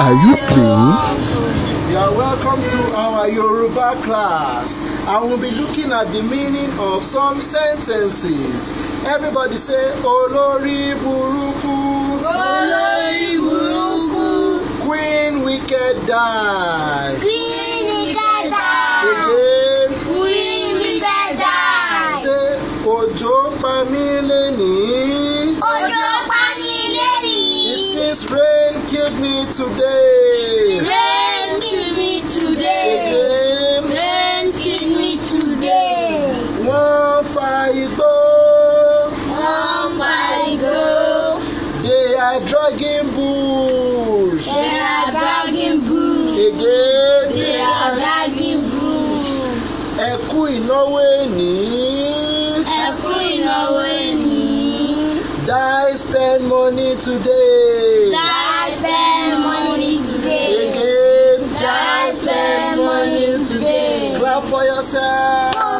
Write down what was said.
Are you playing? You are welcome to our Yoruba class. I will be looking at the meaning of some sentences. Everybody say, Olori Buruku, Olori Buruku. Queen wicked die. Queen wicked die. Again. Queen wicked die. Say, Ojo pa mí made me today. Strengthen me today. Again. Strengthen me today. Wọ́n fa go, Wọ́n fa go, They are dragging bulls. They are dragging bulls. Again. They are dragging bulls. Eku kú ìnáwó èní. Ẹ kú ìnáwó èní. Die spend money today. up for yourself.